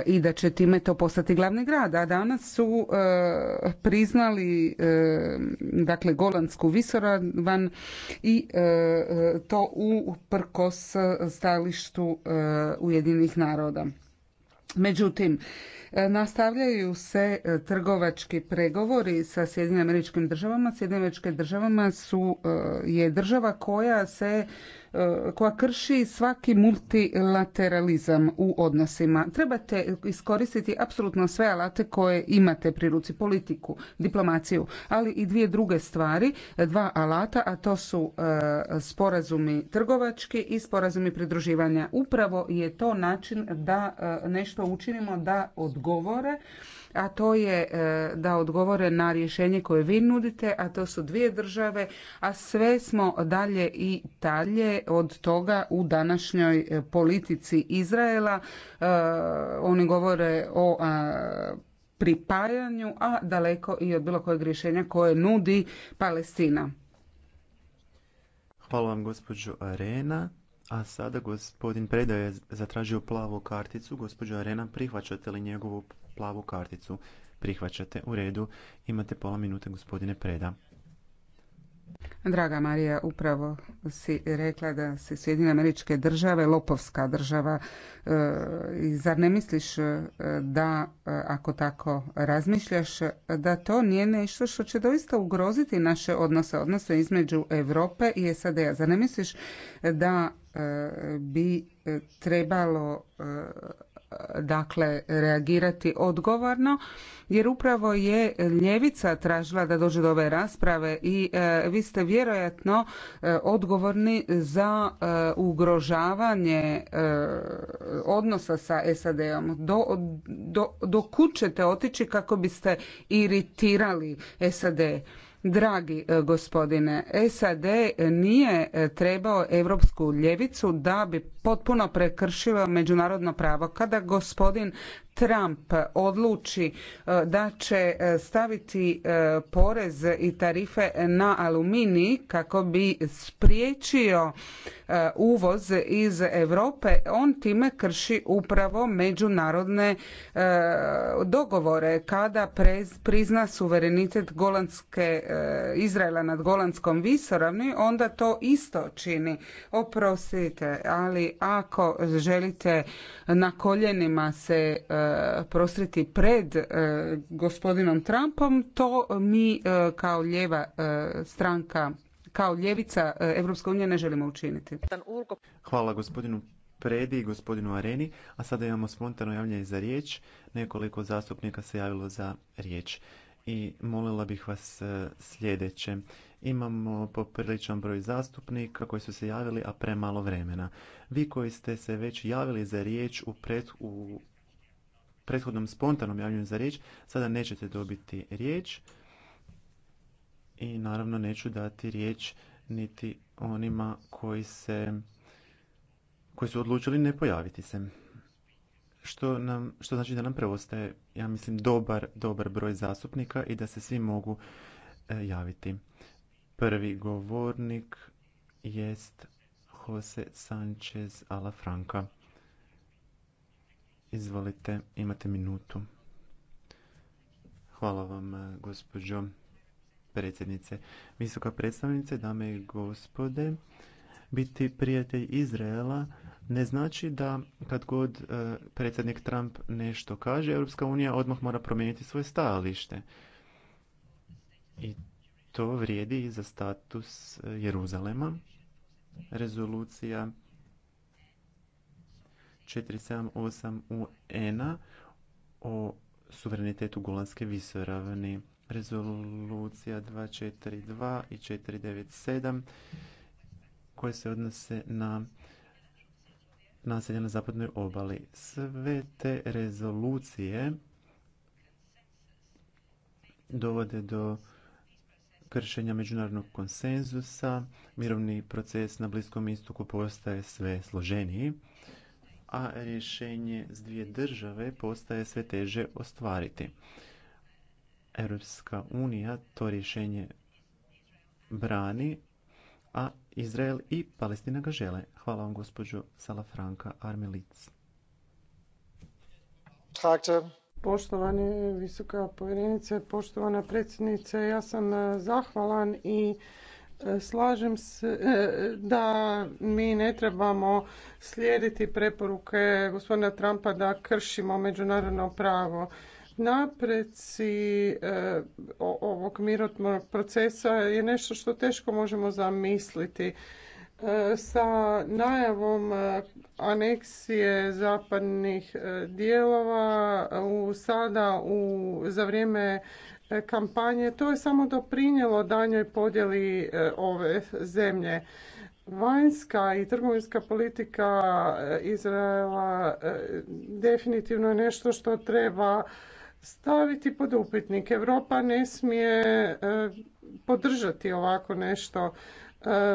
i da će time to postati glavni grad. A danas su e, priznali dakle Golansku visoravan i to uprkos stajalištu Ujedinih naroda. Međutim, e, nastavljaju se e, trgovački pregovori sa Sjedinim američkim državama. Sjedinim američkim državama su, e, je država koja se E, koja krši svaki multilateralizam u odnosima. Trebate iskoristiti apsolutno sve alate koje imate pri ruci, politiku, diplomaciju, ali i dvije druge stvari, dva alata, a to su e, sporazumi trgovački i sporazumi pridruživanja. Upravo je to način da e, nešto učinimo da odgovore a to je e, da odgovore na rješenje koje vi nudite, a to su dvije države, a sve smo dalje i dalje od toga u današnjoj e, politici Izraela. E, oni govore o pripajanju, a daleko i od bilo kojeg rješenja koje nudi Palestina. Hvala vam gospođo Arena. A sada gospodin Preda je zatražio plavu karticu. Gospođo Arena, prihvaćate li njegovu plavu karticu? Prihvaćate. U redu. Imate pola minute, gospodine Preda. Draga Marija, upravo si rekla da se Sjedinjene američke države lopovska država e, i zar ne misliš e, da e, ako tako razmišljaš da to nije nešto što će doista ugroziti naše odnose, odnose između Europe i SAD-a. Zar ne misliš da bi e, trebalo e, dakle reagirati odgovorno jer upravo je ljevica tražila da dođe do ove rasprave i e, vi ste vjerojatno odgovorni za ugrožavanje odnosa sa SAD-om. Do, kud ćete otići kako biste iritirali SAD? Dragi e, gospodine, SAD nije e, trebao europsku ljevicu da bi potpuno prekršila međunarodno pravo. Kada gospodin Trump odluči e, da će e, staviti e, porez i tarife na aluminij kako bi spriječio uvoz iz Europe, on time krši upravo međunarodne dogovore kada prizna suverenitet Golanske, Izraela nad Golanskom visoravni, onda to isto čini. Oprostite, ali ako želite na koljenima se prostriti pred e, gospodinom Trumpom, to mi e, kao ljeva e, stranka, kao ljevica EU ne želimo učiniti. Hvala gospodinu Predi i gospodinu Areni, a sada imamo spontano javljanje za riječ. Nekoliko zastupnika se javilo za riječ i molila bih vas sljedeće. Imamo popriličan broj zastupnika koji su se javili, a premalo vremena. Vi koji ste se već javili za riječ u, pred, u prethodnom spontanom javljanju za riječ. Sada nećete dobiti riječ i naravno neću dati riječ niti onima koji se koji su odlučili ne pojaviti se. Što, nam, što znači da nam preostaje, ja mislim, dobar, dobar broj zastupnika i da se svi mogu e, javiti. Prvi govornik jest Jose Sanchez Alafranca. Izvolite, imate minutu. Hvala vam, eh, gospođo predsjednice. Visoka predstavnice, dame i gospode, biti prijatelj Izraela ne znači da kad god eh, predsjednik Trump nešto kaže, Europska unija odmah mora promijeniti svoje stajalište. I to vrijedi i za status eh, Jeruzalema. Rezolucija 478 un o suverenitetu Golanske visoravni. Rezolucija 242 i 497 koje se odnose na naselje na zapadnoj obali. Sve te rezolucije dovode do kršenja međunarodnog konsenzusa, mirovni proces na Bliskom istoku postaje sve složeniji a rješenje s dvije države postaje sve teže ostvariti. Europska unija to rješenje brani, a Izrael i Palestina ga žele. Hvala vam gospođo Salafranka Armelic. Dakle, Poštovane visoka povjerenice, poštovana predsjednice, ja sam eh, zahvalan i E, slažem se e, da mi ne trebamo slijediti preporuke gospodina Trumpa da kršimo međunarodno pravo. Napreci e, ovog mirotvornog procesa je nešto što teško možemo zamisliti. Sa najavom aneksije zapadnih dijelova u sada u, za vrijeme E, kampanje, to je samo doprinjelo danjoj podjeli e, ove zemlje. Vanjska i trgovinska politika e, Izraela definitivno je nešto što treba staviti pod upitnik. Europa ne smije podržati ovako nešto.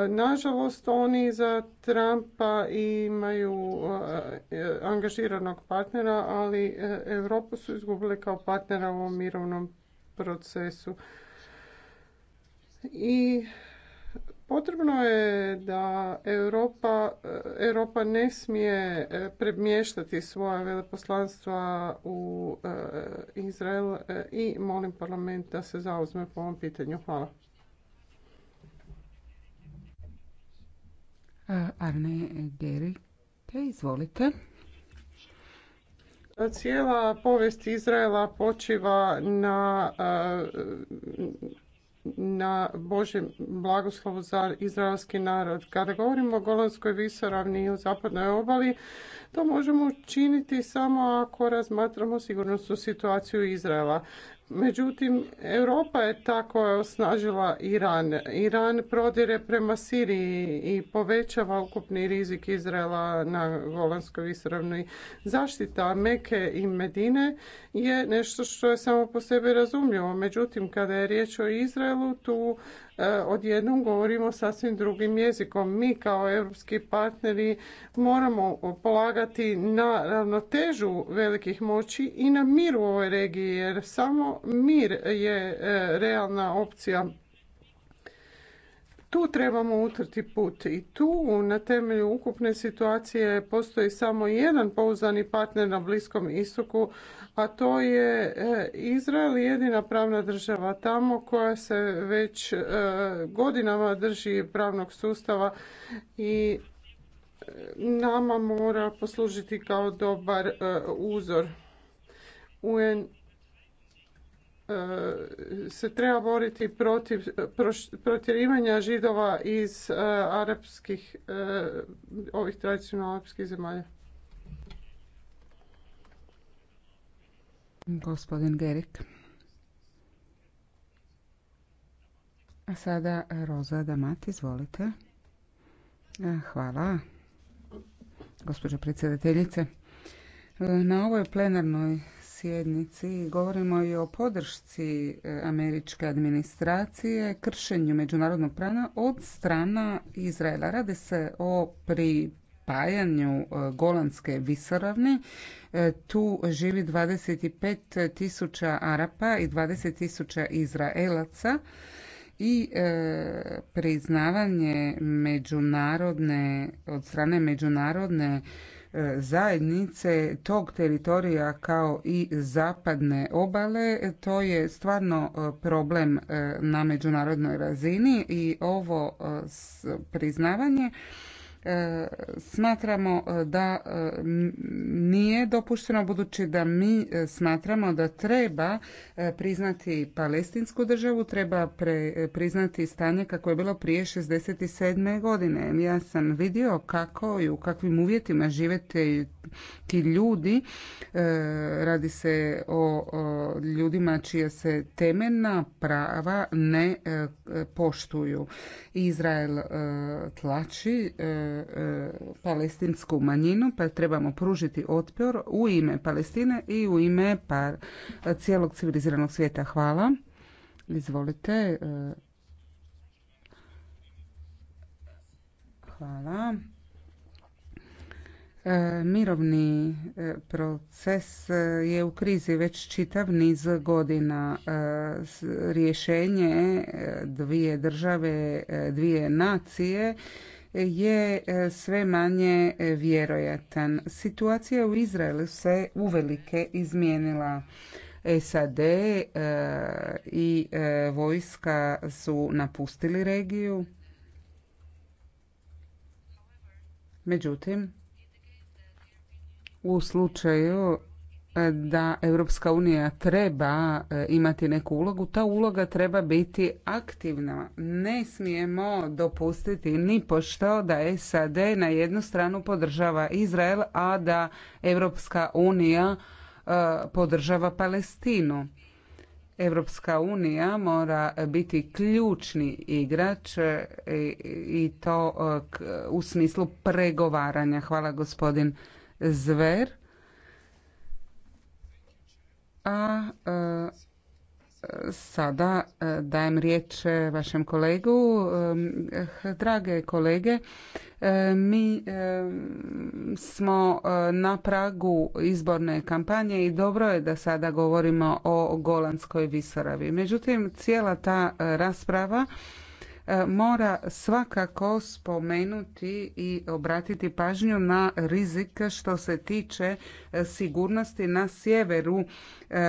Nažalost, oni za Trumpa imaju angažiranog partnera, ali Europu su izgubili kao partnera u ovom mirovnom procesu. I potrebno je da Europa, Europa ne smije e, premještati svoja veleposlanstva u e, Izrael e, i molim parlament da se zauzme po ovom pitanju. Hvala. Arne Geri, te izvolite. Cijela povijest Izraela počiva na e, na Božjem blagoslovu za izraelski narod. Kada govorimo o Golanskoj visoravni i o zapadnoj obali, to možemo učiniti samo ako razmatramo sigurnosnu situaciju Izraela. Međutim, Europa je ta koja je osnažila Iran. Iran prodire prema Siriji i povećava ukupni rizik Izraela na Golanskoj isravnoj Zaštita Meke i Medine je nešto što je samo po sebi razumljivo. Međutim, kada je riječ o Izraelu, tu E, odjednom govorimo sasvim drugim jezikom. Mi kao europski partneri moramo polagati na ravnotežu velikih moći i na mir u ovoj regiji jer samo mir je e, realna opcija tu trebamo utrti put i tu na temelju ukupne situacije postoji samo jedan pouzdani partner na Bliskom istoku, a to je e, Izrael jedina pravna država tamo koja se već e, godinama drži pravnog sustava i e, nama mora poslužiti kao dobar uzor. UN E, se treba boriti protiv protjerivanja židova iz e, arapskih, e, ovih tradicionalno arapskih zemalja. Gospodin Gerik. A sada Roza Damat, izvolite. Hvala, gospođo predsjedateljice. Na ovoj plenarnoj sjednici govorimo i o podršci e, američke administracije kršenju međunarodnog prava od strana Izraela. Radi se o pripajanju e, Golanske visoravni. E, tu živi 25 tisuća Arapa i 20 tisuća Izraelaca i priznavanje međunarodne, od strane međunarodne zajednice tog teritorija kao i zapadne obale. To je stvarno e, problem e, na međunarodnoj razini i ovo e, priznavanje smatramo e, da e, nije dopušteno budući da mi e, smatramo da treba priznati palestinsku državu, treba pre, priznati stanje kako je bilo prije 67. godine. Ja sam vidio kako i u kakvim uvjetima živete ti ljudi, e, radi se o ljudima čija se temeljna prava ne e, poštuju. Izrael e, tlači palestinsku manjinu pa trebamo pružiti otpor u ime Palestine i u ime par cijelog civiliziranog svijeta. Hvala. Izvolite. Hvala. E, mirovni e, proces e, je u krizi već čitav niz godina. Rješenje dvije države, dvije nacije je sve manje vjerojatan. Situacija u Izraelu se uvelike izmijenila. SAD i vojska su napustili regiju. Međutim, u slučaju e, da Europska unija treba e, imati neku ulogu, ta uloga treba biti aktivna. Ne smijemo dopustiti ni pošto da SAD na jednu stranu podržava Izrael, a da Europska unija e, podržava Palestinu. Europska unija mora biti ključni igrač i to u smislu pregovaranja. Hvala gospodin zver, a e, sada e, dajem riječ e, vašem kolegu. Drage kolege, mi smo na pragu izborne kampanje i dobro je da sada govorimo o Golanskoj visoravi. Međutim, cijela ta rasprava E, mora svakako spomenuti i obratiti pažnju na rizik što se tiče e, sigurnosti na sjeveru e,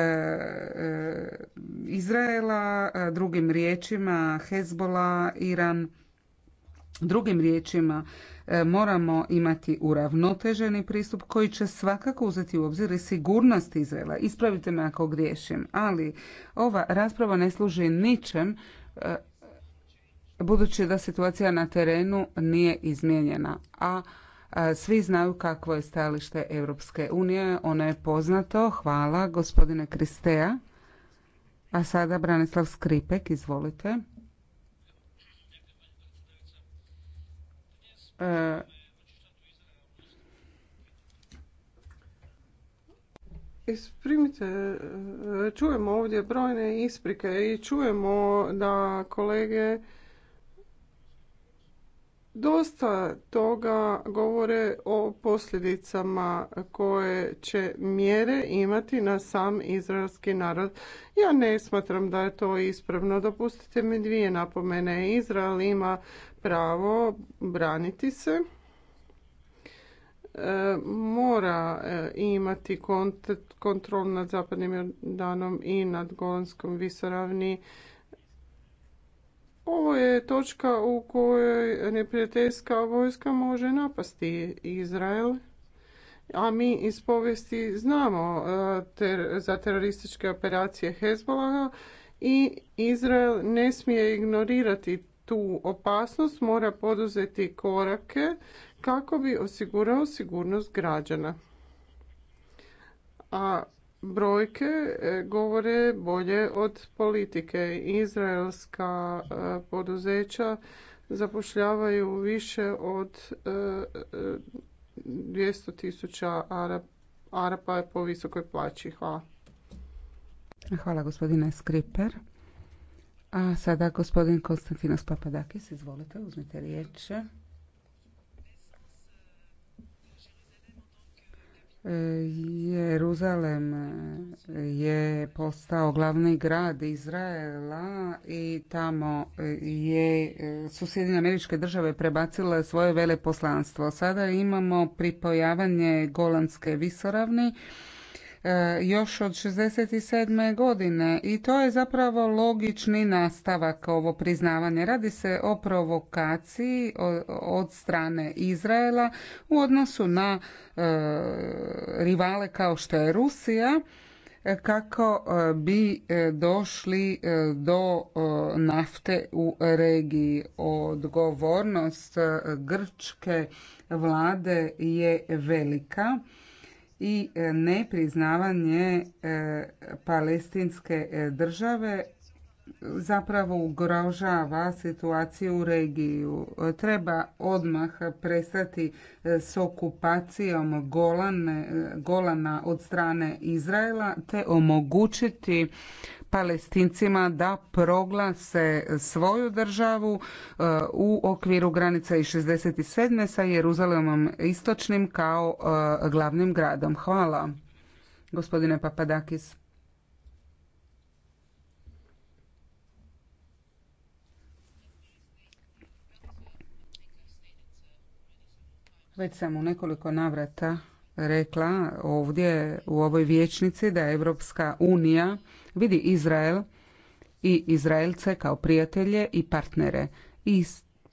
Izraela, drugim riječima Hezbola, Iran. Drugim riječima, moramo imati uravnoteženi pristup koji će svakako uzeti u obzir i sigurnost Izraela. Ispravite me ako griješim, ali ova rasprava ne služi ničem budući da situacija na terenu nije izmijenjena, a svi znaju kakvo je stajalište Europske unije. Ono je poznato. Hvala gospodine Kristeja. A sada Branislav Skripek, izvolite. E, Isprimite, čujemo ovdje brojne isprike i čujemo da kolege dosta toga govore o posljedicama koje će mjere imati na sam izraelski narod. Ja ne smatram da je to ispravno. Dopustite mi dvije napomene. Izrael ima pravo braniti se e, mora e, imati kontrol nad Zapadnim danom i nad Golanskom visoravni ovo je točka u kojoj neprijateljska vojska može napasti Izrael, a mi iz povijesti znamo e, za terorističke operacije Hezbolaha i Izrael ne smije ignorirati tu opasnost, mora poduzeti korake kako bi osigurao sigurnost građana. A brojke e, govore bolje od politike. Izraelska e, poduzeća zapošljavaju više od 200 e, tisuća Arapa po visokoj plaći. Hvala. Hvala gospodine Skriper. A sada gospodin Konstantinos Papadakis, izvolite, uzmite riječ. Jeruzalem e, je postao glavni grad Izraela i tamo e, je e, su američke države prebacile svoje veleposlanstvo. Sada imamo pripojavanje Golanske visoravni E, još od 67. godine i to je zapravo logični nastavak ovo priznavanje. Radi se o provokaciji od strane Izraela u odnosu na e, rivale kao što je Rusija kako e, bi došli do nafte u regiji. Odgovornost grčke vlade je velika i e, nepriznavanje e, palestinske e, države zapravo ugrožava situaciju u regiju. Treba odmah prestati s okupacijom Golana od strane Izraela te omogućiti palestincima da proglase svoju državu e, u okviru granica i 67. sa Jeruzalemom istočnim kao e, glavnim gradom. Hvala. Gospodine Papadakis. Već sam u nekoliko navrata rekla ovdje u ovoj vijećnici da Europska unija vidi Izrael i Izraelce kao prijatelje i partnere i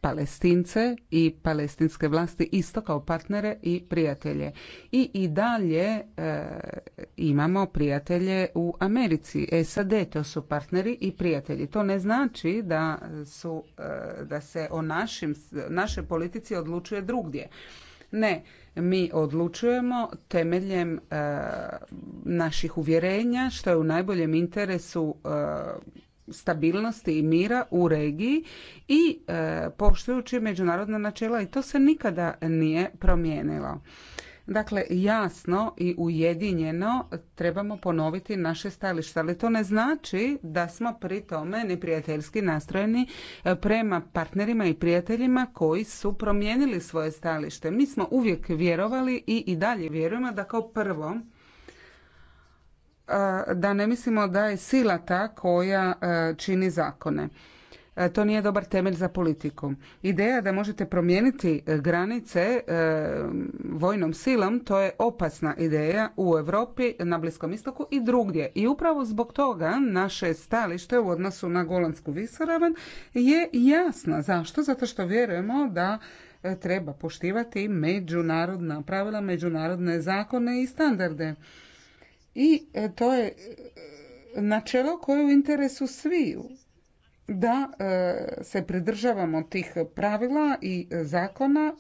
Palestince i palestinske vlasti isto kao partnere i prijatelje. I i dalje e, imamo prijatelje u Americi. SAD to su partneri i prijatelji. To ne znači da su e, da se o našim, našoj politici odlučuje drugdje. Ne, mi odlučujemo temeljem e, naših uvjerenja što je u najboljem interesu e, stabilnosti i mira u regiji i e, poštujući međunarodna načela i to se nikada nije promijenilo. Dakle, jasno i ujedinjeno trebamo ponoviti naše stajalište, ali to ne znači da smo pri tome neprijateljski nastrojeni e, prema partnerima i prijateljima koji su promijenili svoje stajalište. Mi smo uvijek vjerovali i i dalje vjerujemo da kao prvo e, da ne mislimo da je sila ta koja e, čini zakone. E, to nije dobar temelj za politiku. Ideja da možete promijeniti e, granice e, vojnom silom, to je opasna ideja u Europi, na Bliskom istoku i drugdje. I upravo zbog toga naše stalište u odnosu na Golansku visoravan je jasna. Zašto? Zato što vjerujemo da treba poštivati međunarodna pravila, međunarodne zakone i standarde. I to je načelo koje je u interesu sviju da e, se pridržavamo tih pravila i e, zakona